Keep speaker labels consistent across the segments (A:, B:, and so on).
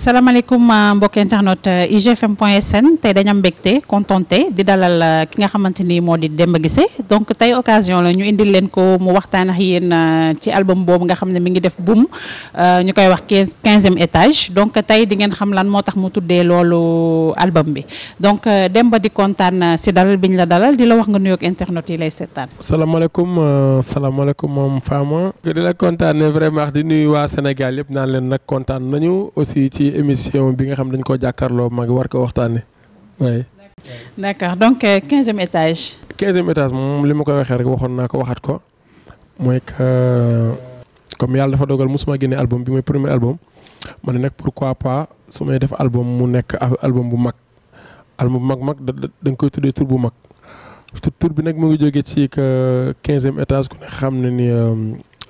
A: salaamaaleykum euh, mbokk internet euh, igfm point sn tey dañu am mbégte contenté di dalal euh, ki nga xamante ni moo di Demba Guissé donc tey occasion la ñu indil leen ko mu waxtaan ak yéen ci album boobu nga xam ne mi ngi def boom ñu koy wax quinzième étage donc tey di ngeen xam lan moo tax mu tuddee loolu album bi donc dem ba di kontaan si dalal bi ñu la dalal di la wax nga nuyoog internet yi lay seetaan.
B: salaamaaleykum salaamaaleykum moom Fama. di la kontaanee vraiment di nuyu waa Sénégal yëpp naan leen nag kontaan nañu aussi émission bi nga xam dañ ko jàkkaarloo war ko d'
A: donc euh, quinzième étage.
B: étage koy rek que euh, comme dafa dogal musuma album premier album pourquoi pas su def album mu album bu mag album bu mag mag koy bu mag bi mu ngi que étage ku ne xam euh,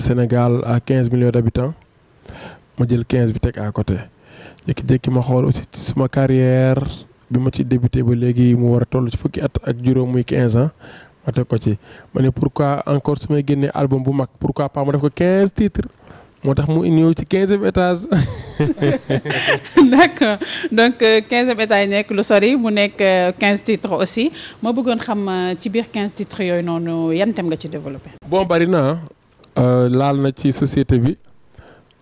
B: Sénégal à 15 millions d'habitants, habitants à côté jékki-jékki ma xool aussi suma carrière bi ma ci débuté ba léegi mu war a toll ci fukki at ak juróom muy 15 ans ma teg ko ci ma pourquoi encore su may album bu mag pourquoi pas ma def ko 15 titres moo tax mu ñëw ci 15e étage.
A: d' donc 15e euh, étage nekk lu sori mu nekk 15 euh, titres aussi ma bëggoon xam euh, ci biir 15 titres yooyu noonu yan thème nga ci développé.
B: bon bari na laal na ci société bi.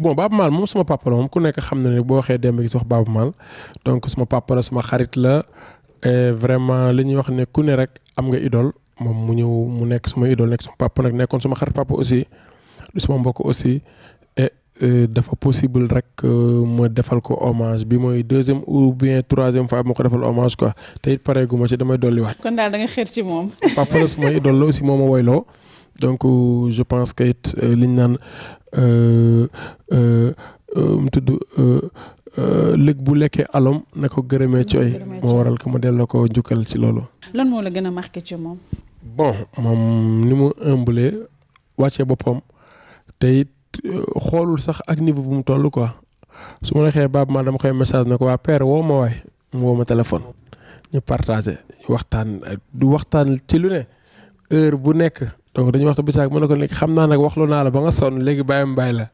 B: bon Bab Mal papa ne donc sama papa la sama xarit la et vraiment li wax ne ku ne rek am nga idole mom mu idole papa papa aussi aussi et euh, dafa possible rek euh, mo defal ko hommage bi moy deuxième ou bien troisième fois ko hommage quoi te it ci damay kon da nga papa idole aussi donc euh, je pense que Euh, euh, euh, mu tudd lëg bu lekkee alom na ko gërëmee cooy moo waral ko ma delloo ko njukkal ci loolu.
A: lan moo la gën a marqué ci moom.
B: bon moom ni mu ëmbalee wàccee boppam te it xoolul sax ak niveau bu mu toll ko su ma la xee ma maa dama koy message na ko waa père woo ma waay mu woo ma téléphone. ñu partagé waxtaan du waxtaan ci lu ne heure bu nekk. donc dañuy waxtu bisaak mën na ko léegi xam naa nag waxlu naa la ba nga sonn léegi bàyyi ma bàyyi la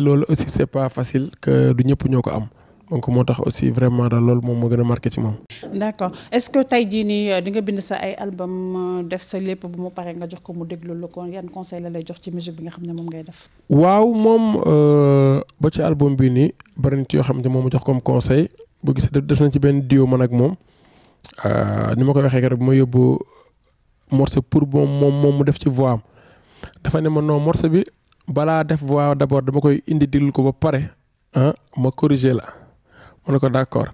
B: loolu aussi c'est pas facile ñëpp ñoo ko am donc moo tax aussi vraiment daal loolu moom moo gën a marqué ci moom.
A: d'accord est-ce que tey jii nii euh, di nga bind sa ay album euh, def sa lépp bu mu paree nga jox ko mu déglu la ko yan conseil la lay jox ci musique bi nga xam ne moom ngay def.
B: waaw moom euh, ba ci album bi nii bari na ci yoo xam ne moom ma jox comme conseil boo gisee def nañ ci benn duo man ak moom ni ma ko waxee keroog bu ma yóbbu. morceau pour moom moom moom mu def ci voix dafa ne ma non morceau bi balaa def voix d' abord dama koy indi diglu ko ba pare ah ma corriger la ma ne ko d' accord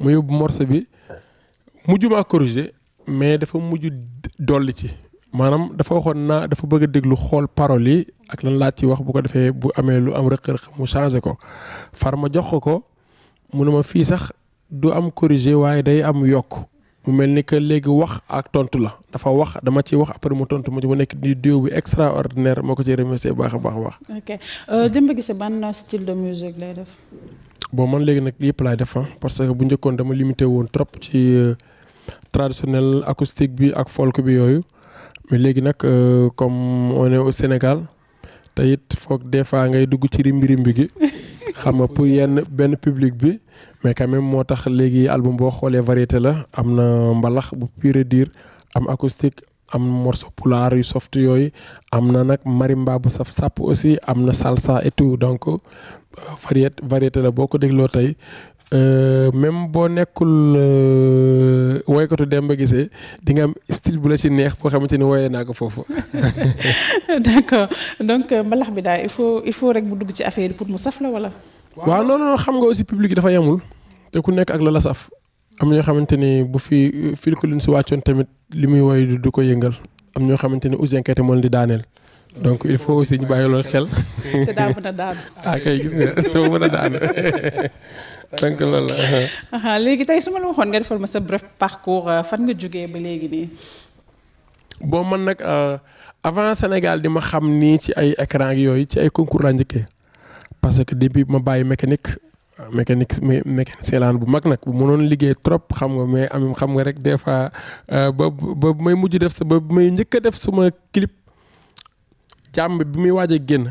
B: mu yóbbu morceau bi mujj maa corriger mais dafa mujj dolli ci maanaam dafa waxoon na dafa bëgg a déglu xool paroles yi ak lan laaj ci wax bu ko defee bu amee lu am rëq-rëq mu changé ko far ma jox ko ko mu ne ma fii sax du am corriger waaye day am yokk. mu mel ni que léegi wax ak tontu la dafa wax dama ci wax après mu tontu mu nekk di duo bu extraordinaire moo ko ci remercier baax a baax baax.
A: ok euh, Demba Guissé ban style de musique def.
B: bon man léegi nag yëpp laay def ah, parce que bu njëkkoon dama limité woon trop ci euh, traditionnel acoustique bi ak folk bi yooyu mais léegi nag euh, comme on est Sénégal te it foog des fois ngay dugg ci rimbi rimbi gi. xam nga pour yenn benn public bi mais quand même moo tax léegi album boo xoolee variété la am na mbalax bu pure dire am acoustique am morceau pulaar yu soft yooyu am na nag marimba bu saf sàpp aussi am na salsa et tout donc euh, variété variété la boo ko dégloo tey Euh, même boo nekkul euh, woykatu Demba Guissé di nga am style bu la ci neex boo xamante ni woyee naa ko foofu.
A: d'accord donc euh, mbalax bi daal il faut il faut rek bu dugg ci affaire yi pour mu saf la wala.
B: waa non non xam nga aussi public dafa yemul te ku nekk ak la la saf am ñoo xamante ni bu fi fil ko lu si wàccoon tamit li muy woy du ko yëngal am ñoo xamante ni Ouzin Keita moo leen di daaneel. donc il faut aussi ñu bàyyi loolu xel. te daa mën a daanu. ah gis nga te
A: léegi tey su ma la waxoon nga defal ma sa bref parcours euh, fan nga jógee ba léegi nii.
B: boo man nag euh, avant Sénégal di ma xam nii ci ay écran yooyu ci ay concours laa njëkkee parce que depuis ma bàyyi mécanique euh, mécanique mécanicien laan bu mag nag bu mënoon liggéey trop xam nga mais am xam nga rek des fois ba ba may mujj def sa ba may njëkk a def suma clip. càmm bi muy waaj génn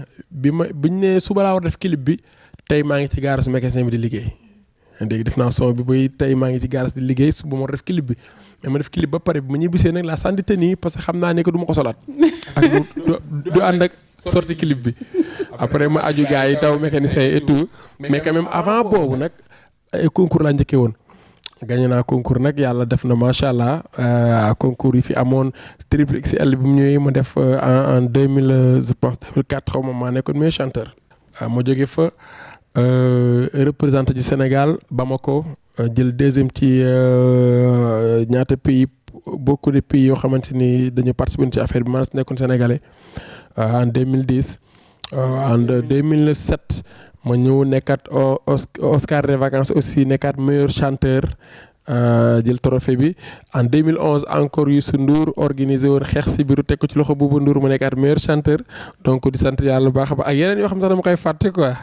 B: bi ma biñ ne suba laa war def clip bi tey maa ngi ci garage mécanicien bi di liggéey dégg def naa son bi buy tey maa ngi ci garage di liggéey suba ma def clip bi mais ma def clip ba pare bi ma ñibbisee nag laa sànni te nii parce que xam naa ne que du ma ko solaat ak du ànd ak sorti clip bi après ma aju gars yi taw mécanisiens et tout mais quand même avant boobu nag ay concours laa njëkkee woon gañe naa concours nag yàlla def na macha allah euh, concours yi fi amoon triple XL bi mu ñëwee ma def euh, en en deux mille je pense deux mille quatre xaw ma maa nekkoon meilleur chanteur. Euh, ma jóge fa représentant du Sénégal Bamako jël deuxième ci ñaata pays beaucoup de pays yoo xamante ni dañu participer ci affaire bi ma nekkoon sénégalais en mille dix en ma ñëw nekkat Oscar des vacances aussi nekkat meilleur chanteur Euh, jël trophée bi en 2011 encore yu sundour organisé won xex si biiru teg ci loxo bubu Ndour mu at meilleur chanteur donc di sante yalla bu baax a ak yeneen yo xam sax dama koy fàtte quoi.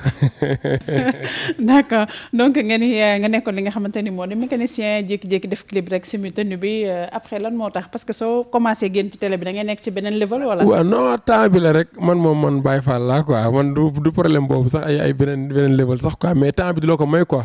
A: d'accord donc nga euh, nga nekkon li nga mo ni mécanicien jékki-jékki def clip rek simu tenu bi euh, après lan motax parce que so commencé génn ci télé bi da ngay nek ci benen level wala. wa
B: non temps bi la rek man mom man bay Fall la quoi man du du problème bobu sax ay ay benen benen level sax quoi mais temps bi di la may quoi.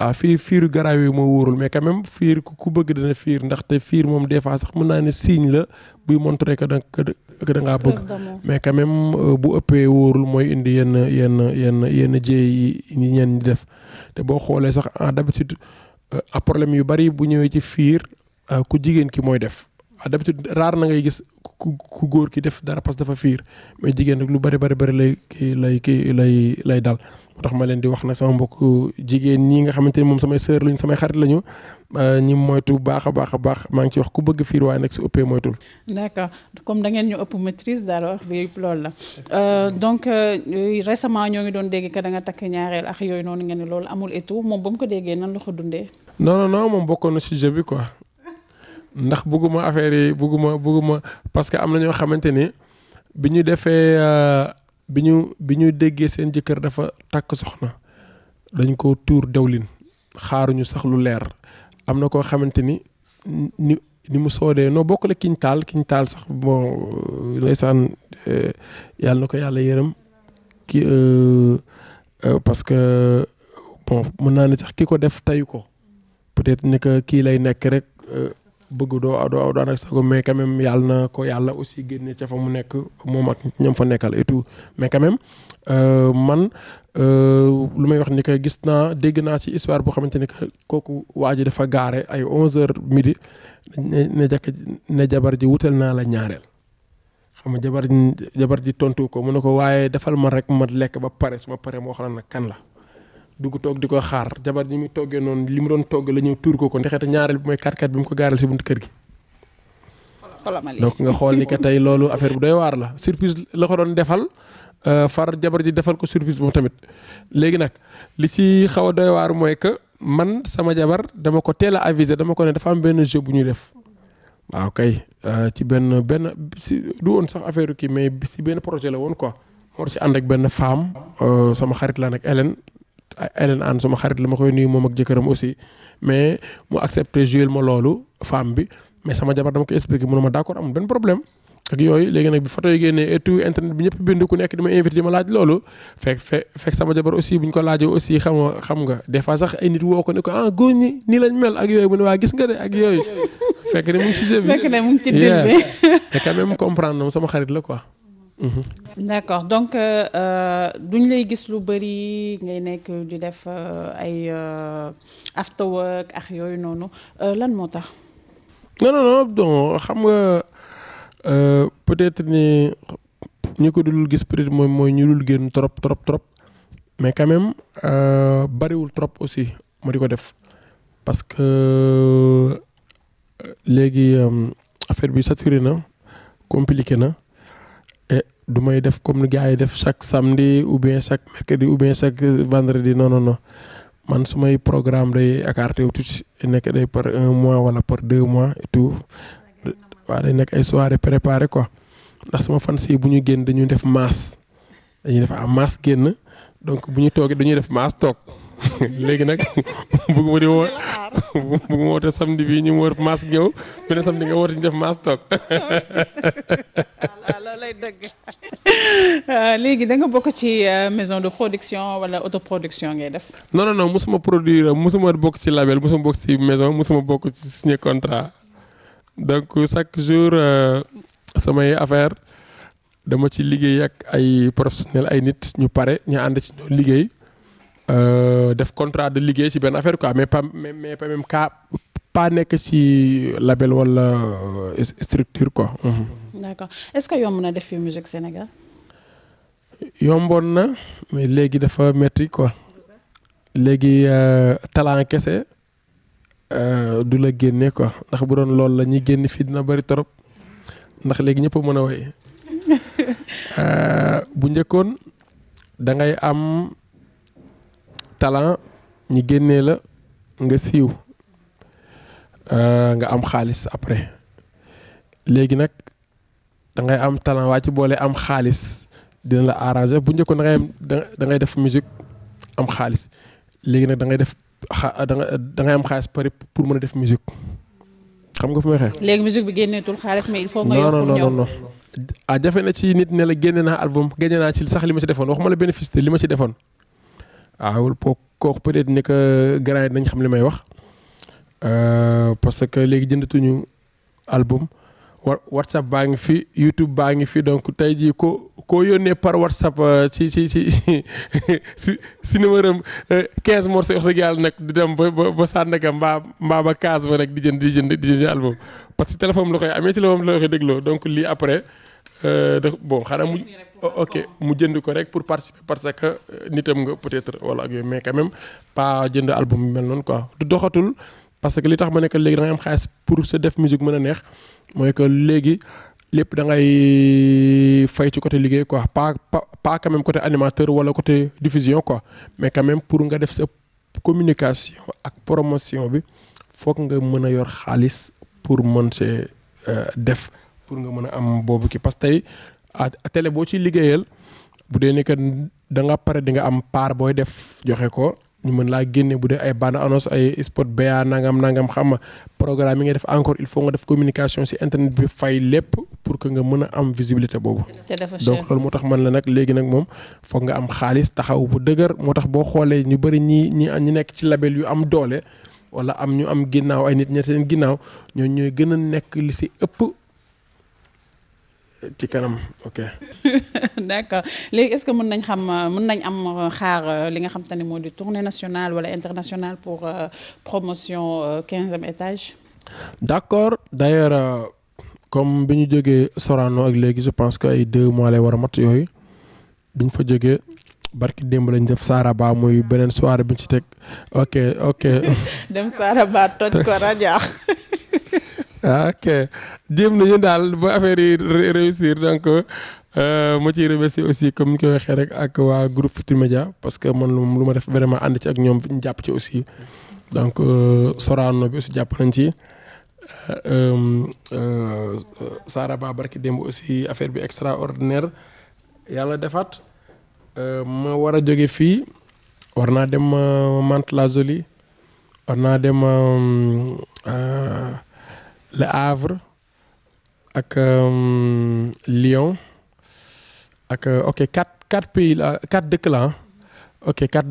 B: ah fiir fiiru garaaw yooyu moo wóorul mais quand même fiir ku bëgg dina fiir ndaxte fiir moom des fois sax mën naa ne signe la buy montrer que da que bëgg mais quand même euh, bu ëppee wóorul mooy indi yenn yenn yenn yenn jéey yi ñeen ñi def te boo xoolee sax ah, d'habitude euh, ah, problème yu bari bu ñëwee ci fiir ah, ku jigéen ki mooy def Ah, d'habitude raar na ngay gis ku ku góor ki def dara parce que dafa fiir mais jigéen rek lu bari bari bari lay kii kii lay lay dal. moo tax ma leen di wax nag sama mbokk jigéen ñi nga xamante ni moom samay sœur lañ samay xarit lañu ah, ñi moytu baax a baax a baax maa ngi ci wax ku bëgg fiir waaye nag si ëppee moytul.
A: d'accord comme da ngeen ñu ëpp maîtrise daal wax bi loolu la euh, donc euh, récemment ñoo ngi doon dégg que da nga takk ñaareel ak yooyu noonu ngeen ne loolu amul et tout moom ba ko déggee nan la dundee.
B: non non non moom bokkoon bi quoi. ndax bëgguma affaire yi bugguma bugguma parce que am na ñoo xamante ni bi ñu defee euh, bi ñu bi ñu déggee seen jëkkër dafa takk soxna dañ ko tuur dawlin xaaruñu sax lu leer am na koo xamante ni ni mu soodee noo bokk la kiñ taal kiñ taal sax bon euh, ndeysaan euh, yàlla na ko yàlla yërëm ki parce que bon mën naa ne sax ki ko def tayu ko peut-être ne kii lay nekk rek bëgg doo doo daan ak sago mais quand même yàlla na ko yàlla aussi génne ca fa mu nekk moom ak ñoom fa nekkal et tout mais quand même euh, man euh, lu may wax ni que gis naa dégg naa ci histoire boo xamante ni que kooku waa ji dafa gaare ay 11h midi ne jakk ne jabar ji wutal naa la ñaareel. xam nga jabar jabar ji tontu ko mu ne ko waaye defal ma rek ma lekk ba pare su ma paree moo xam ne nag kan la. dugg toog di ko xaar jabar ñi muy toogee noonu li mu doon toog la ñëw tuur ko ko ndexete ñaareel bi mooy kàrkat bi mu ko gaaral si buntu kër gi. donc nga xool li que tey loolu affaire bu doy waar la surprise la ko doon defal euh, far jabar ji defal ko surprise moom tamit. léegi nag li ci xaw a doy waar mooy que man sama jabar dama ko teel a aviser dama ko ne dafa am benn jeu bu ñuy def. waaw kay euh, ci benn benn si du woon sax affaire kii mais si benn projet la woon quoi. moo ci ànd ak benn femme. Euh, sama xarit la nag Hélène Hélène Anne sama xarit la ma koy nuyu moom ak jëkkëram aussi mais mu accepté joué ma loolu femme bi mais sama jabar dama ko expliqué mu ne ma d'accord amul benn problème ak yooyu léegi nag bi photo yi génnee et tout internet bi ñëpp bind ku nekk di ma invité ma laaj loolu fekk fekk fekk sama jabar aussi bu ñu ko laajee aussi xam nga xam nga des fois sax ay nit woo ko ne ko ah góor ñi nii lañ mel ak yooyu mu ne waa gis nga de ak yooyu fekk ne mu ngi ci jeu bi fekk sama xarit la quoi
A: Mhm. d'accord donc euh, euh, duñ lay gis lu bari, ngay nekk di def euh, ay after work ak yooyu noonu lan non
B: non non donc xam nga peut-être ni ni ko dul le peut-être mooy mooy ñu dul trop trop trop mais quand même bariwul trop aussi ma di ko def parce que léegi affaire bi saturé na compliqué na. du may def comme gars yi def chaque samedi oubien chaque mercredi oubien bien chaque vendredi non non non man sumay programme day écarté wu tuuti nekk day par un mois wala par deux mois et tout waaw day nekk ay soirée préparé ko ndax sama fan si bu ñu génn dañuy def masse dañuy def ah masse génn donc buñu ñu toogee dañuy def masse toog. Ligue, nag bëgguma di bëgguma samedi bi ñu des samedi nga
A: def maison de production wala autoproduction
B: non non non label maison signer contrat donc chaque jour euh, sama affaire dama ci liggéey ak ay professionnels ay nit ñu ñu ci euh, def contrat de ligue si ben affaire quoi mais pas mais pas même cas pas nekk si label wala euh, structure quoi. Mhm.
A: d'accord est-ce que y a def fi musique Sénégal.
B: yomboon na mais léegi dafa métti quoi léegi euh, talent kese du la génne quoi ndax bu doon loolu la ñuy génn fii dina bari torop ndax léegi ñëpp a mën a woy bu njëkkoon da ngay am. talent ñi génnee la nga siiw euh, nga am xaalis après léegi nag dangay am talent waa ci boole am xaalis dina la arranger bu njëkkoon da ngay da ngay def musique am xaalis léegi nag da ngay def xa da ngay am xaalis pare pour mën a def musique xam nga fu may xeex.
A: léegi musique bi génneetul xaalis mais il faut nga yokk non non non
B: ah, jafe na ci nit ne la génne naa album génne naa ci sax li ma ci defoon waxuma la bénéfice li ma ci defoon. waaw kooku peut-être ne que yi nañ xam li may wax euh, parce que léegi jëndatuñu album wa WhatsApp baa ngi fi YouTube baa ngi fi donc tey jii ko koo yónnee par WhatsApp euh, ci ci ci si si numéro am 15 euh, morceaux wax dëgg yàlla nag di dem ba ba ba Sandaga mbaa mbaa ba Kaas ba nag di jënd di jënd di jënd album parce que téléphone la koy amee ci la moom la koy dégloo donc lii après. Euh, def bon xanaa mu ok mu jënd ko rek pour participer parce que euh, nitam nga peut-être wala ak yooyu mais quand même pas jënd album bi mel noonu quoi du doxatul parce que li tax ma ne que léegi da am xaalis pour sa def musique mën a neex mooy que léegi lépp da ngay fay ci côté liggéey quoi pas pas quand même côté animateur wala côté diffusion quoi mais quand même pour nga def sa communication ak promotion bi foog nga mën a yor xaalis pour mën see euh, def. pour nga mëna am bobu ki parce tay a télé bo ci liggéeyal bu dé né que da nga pare di nga am part boy def joxé ko ñu mëna la génné bu dé ay bande annonce ay spot ba nangam nangam xam programme yi nga def encore il faut nga def communication si internet bi fay lépp pour que nga mëna am visibilité bobu donc lool motax man la nak légui nak mom foog nga am xaalis taxaw bu dëgër motax bo xolé ñu bari ñi ñi ñi nekk ci label yu am doolé wala am ñu am ginnaw ay nit ñi seen ginnaw ñoo ñoy gëna nekk li si ëpp D'accord. ok.
A: D'accord. est ce que vous nañ xam euh, mën nañ am euh, xaar euh, li nga xam tournée nationale wala internationale pour promotion 15e étage.
B: D'accord. D'ailleurs, comme biñu Sorano ak je pense que ay deux mois lay wara mat yoy bi fa jógee. barki démb lañ def Saraba moy benen soirée biñ ci tek ok ok.
A: dem Saraba ko
B: Ah, ok jéem nañu daal ba affaire yi réussir donc euh, ma ciy remercier aussi comme ni ko waxee rek ak waa groupe Futurs Médias parce que man lu ma def vraiment ànd ci ak ñoom ñu jàpp ci aussi donc euh, Sorano bi aussi jàpp nañ ci euh, Sara Ba barki démb aussi affaire bi extraordinaire yàlla defaat ma war a jóge fii war naa dem Mantes la Jolie war naa dem. Le Havre ak euh, Lyon ak euh, ok quatre quatre pays quatre ah. ok quatre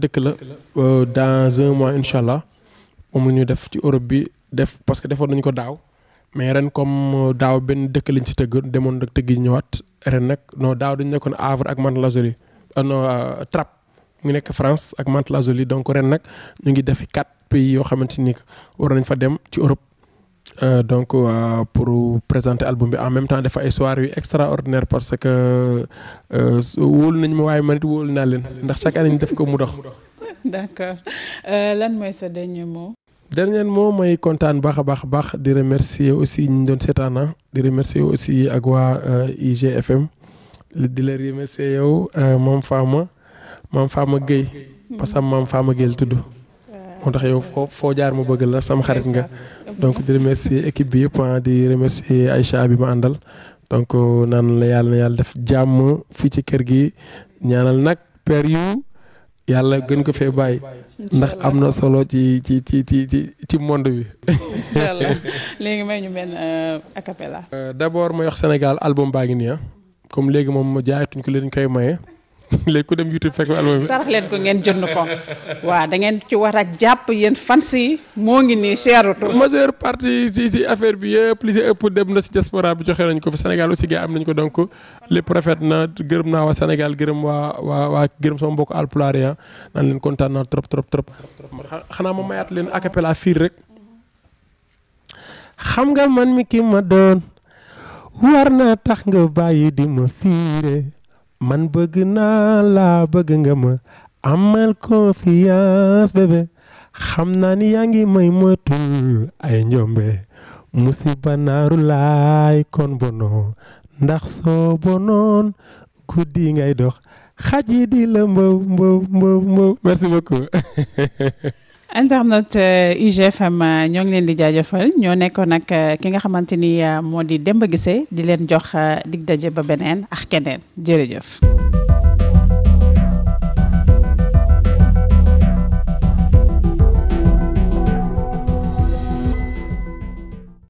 B: euh, dans un mois Inch'Allah. On def Europe bi def parce que faire ko mais ren comme nous ben dëkk liñ ci teug demone ñëwaat ren non Nous Havre ak non nekk France ak mantes la donc ren quatre pays yo xamanteni war nañ euh, donc euh, pour présenter album bi en même temps dafa ay soirée extraordinaire parce que euh, wóolu nañ ma way manit it le ndax chaque année def ko mu dox.
A: d'accord euh, lan moy sa dernier mot.
B: dernier mot je suis baxa a baax remercier aussi ñi don doon ah, remercier aussi ak IGFM de remercier yow Mame Fama Mame Fama geuy parce que mam Fama geul la moo tax yow foo foo jaar ma bëgg la sama xarit nga donc di remercier équipe bi yëpp ah, di remercier Aïcha bi ma àndal donc euh, naan la yàlla na yàlla def jàmm fii ci kër gi ñaanal nag per yu yàlla gën ko fee bàyyi ndax am na solo ci ci ci ci ci ci monde bi.
A: léegi may ñu benn euh, acapella. Euh, d'abord
B: ma wax Sénégal album baa ngi nii ah. comme léegi moom jaayatuñ ko leen koy maye. léegi ku dem YouTube fek album bi
A: sarax len ko ngeen jonne ko wa da ngeen ci war a jàpp yéen fans yi mo ngi nii seerutu
B: majeure partie ci ci affaire bi yepp li ci dem na ci diaspora bi joxe nañ ko fi senegal aussi gars am nañ ko donc les prophètes na geureum na wa senegal geureum wa wa wa geureum sama mbokk alpulaar ya trop trop trop xana ma len a cappella fiir rek xam nga man mi ki ma doon warna tax nga baye di ma fiire man bëgg naa laa bëgg nga ma amal confiance bébé xam naa ni yaa ngi may moytul ay njombe musiba naaru laay kon bonoo ndax soo bonoon guddi ngay dox xaj yi di la mbëw mbëw mbëw mbëw merci beaucoup
A: internet IGFM euh, euh, ñoo ngi leen di jaajëfal ñoo nekkoon nag euh, ki nga xamante ni moo di Demba Guissé di leen jox dig daje ba beneen ak keneen jërëjëf.